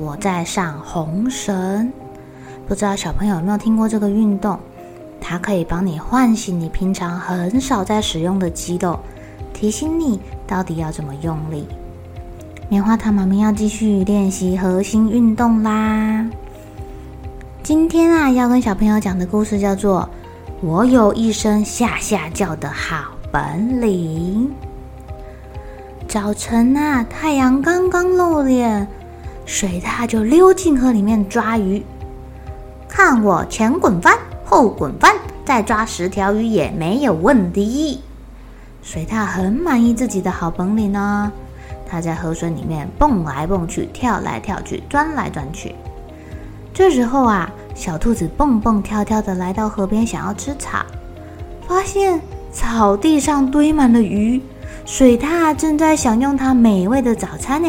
我在上紅繩，不知道小朋友有沒有聽過這個運動？它可以幫你喚醒你平常很少在使用的肌肉，提醒你到底要怎麼用力。棉花糖媽媽要繼續練習核心運動啦。今天啊，要跟小朋友講的故事叫做《我有一身嚇嚇叫的好本領》。早晨啊，太陽剛剛露臉。水獺就溜進河裡面抓魚，看我前滾翻後滾翻，再抓十條魚也沒有問題。水獺很滿意自己的好本領呢、哦，它在河水裡面蹦來蹦去，跳來跳去，鑽來鑽去。這時候啊，小兔子蹦蹦跳跳地來到河邊，想要吃草，發現草地上堆滿了魚，水獺正在享用它美味的早餐呢。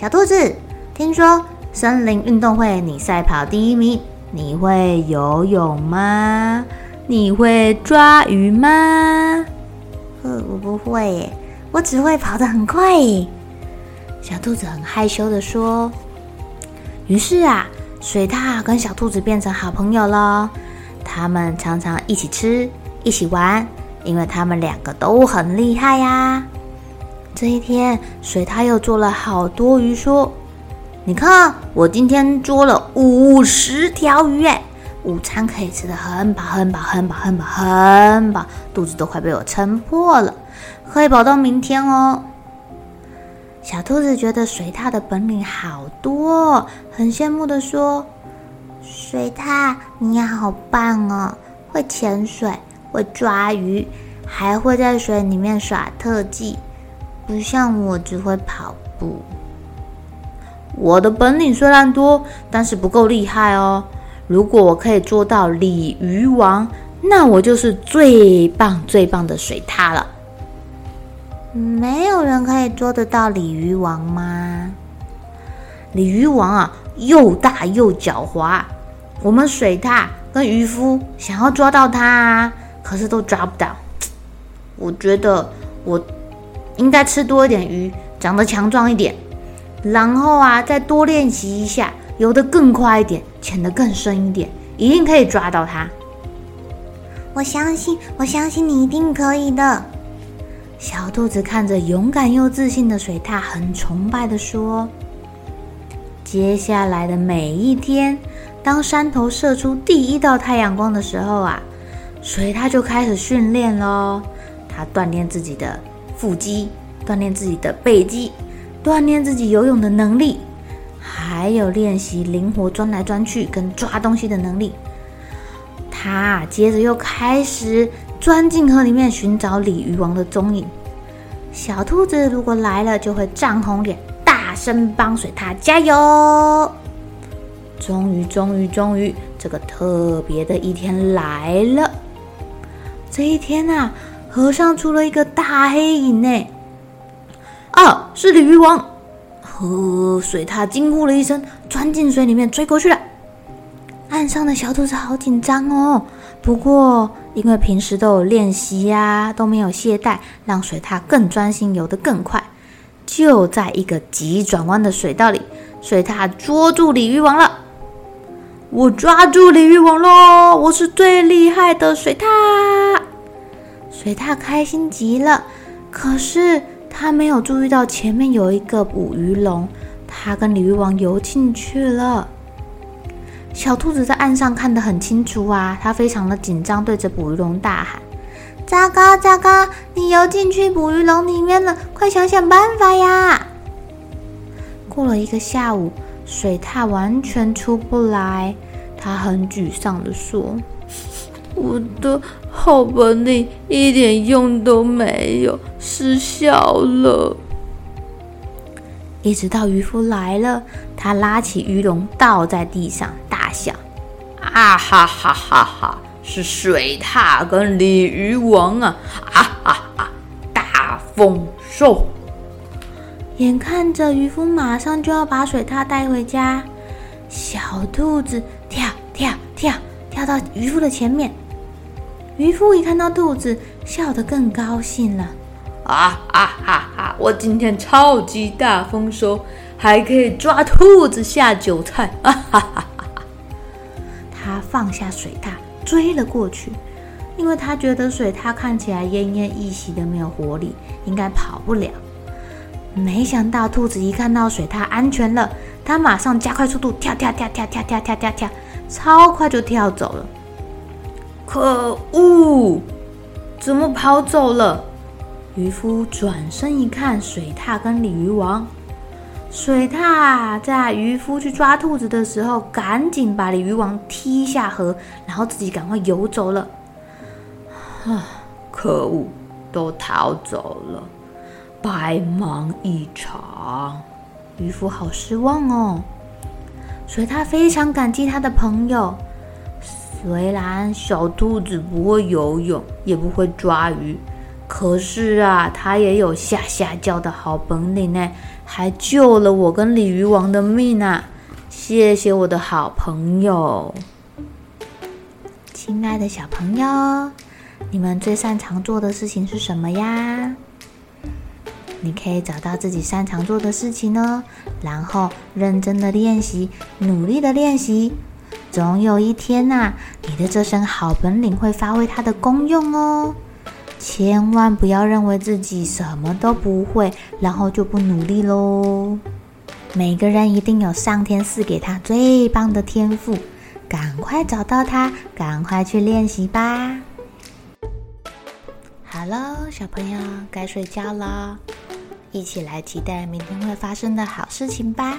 小兔子，聽說森林運動會你賽跑第一名，你會游泳嗎？你會抓魚嗎？呃，我不會，我只會跑得很快。小兔子很害羞的說。於是啊，水獺跟小兔子變成好朋友了，他們常常一起吃，一起玩，因為他們兩個都很厲害呀、啊。這一天，水獺又捉了好多魚，說：“你看，我今天捉了五十條魚誒，午餐可以吃得很飽，很飽，很飽，很飽，很飽，肚子都快被我撐破了，可以飽到明天哦。”小兔子覺得水獺的本領好多，很羨慕的說：“水獺，你也好棒哦！會潛水，會抓魚，還會在水裡面耍特技。”不像我只會跑步，我的本領雖然多，但是不夠厲害哦。如果我可以捉到鯉魚王，那我就是最棒最棒的水獺了。沒有人可以捉得到鯉魚王嗎？鯉魚王啊，又大又狡猾，我們水獺跟漁夫想要抓到它啊，可是都抓不到。我覺得我。應該吃多一點魚，長得強壯一點，然後啊，再多練習一下，游得更快一點，潛得更深一點，一定可以抓到它。我相信，我相信你一定可以的。小兔子看着勇敢又自信的水獺，很崇拜地說：“接下來的每一天，當山頭射出第一道太陽光的時候啊，水獺就開始訓練咯。”它鍛鍊自己的。腹肌，鍛鍊自己的背肌，鍛鍊自己游泳的能力，還有練習靈活鑽來鑽去跟抓東西的能力。他接着又開始鑽進河裡面尋找鯉魚王的蹤影。小兔子如果來了，就會漲紅臉，大聲幫水獺加油。終於，終於，終於，這個特別的一天來了。這一天啊！河上出了一個大黑影呢！啊，是鯉魚王！呵，水獺驚呼了一聲，鑽進水裡面追過去了。岸上的小兔子好緊張哦，不過因為平時都有練習呀、啊，都沒有懈怠，讓水獺更專心，游得更快。就在一個急轉彎的水道裡，水獺捉住鯉魚王了！我抓住鯉魚王囉！我是最厲害的水獺！水獺開心極了，可是他沒有注意到前面有一個捕魚籠，他跟鯉魚王游進去了。小兔子在岸上看得很清楚啊，它非常的緊張，對着捕魚籠大喊：“糟糕糟糕，你游進去捕魚籠裡面了，快想想辦法呀！”過了一個下午，水獺完全出不來，他很沮喪的說。我的好本領一點用都沒有，失效了。一直到漁夫來了，他拉起魚籠倒在地上大笑：“啊哈哈哈哈！是水獺跟鯉魚王啊！哈、啊、哈哈，大豐收！”眼看着漁夫馬上就要把水獺帶回家，小兔子跳跳跳跳到漁夫的前面。漁夫一看到兔子，笑得更高興了。啊啊哈哈、啊！我今天超級大豐收，還可以抓兔子下酒菜。啊哈哈哈哈！他放下水獺，追了過去，因為他覺得水獺看起來奄奄一息的，沒有活力，應該跑不了。沒想到兔子一看到水獺安全了，它馬上加快速度，跳跳跳跳跳跳跳跳跳，超快就跳走了。可惡！怎麼跑走了？漁夫轉身一看，水獺跟鯉魚王。水獺在漁夫去抓兔子的時候，趕緊把鯉魚王踢下河，然後自己趕快游走了。啊！可惡，都逃走了，白忙一場。漁夫好失望哦。水獺非常感激他的朋友。雖然小兔子不會游泳，也不會抓魚，可是啊，它也有嚇嚇叫的好本領呢，還救了我跟鯉魚王的命啊！謝謝我的好朋友。親愛的小朋友，你們最擅長做的事情是什麼呀？你可以找到自己擅長做的事情呢、哦，然後認真的練習，努力的練習。總有一天吶、啊，你的這身好本領會發揮它的功用哦！千萬不要認為自己什麼都不會，然後就不努力咯。每個人一定有上天賜給他最棒的天賦，趕快找到它，趕快去練習吧。好嘍，小朋友該睡覺了，一起來期待明天會發生的好事情吧。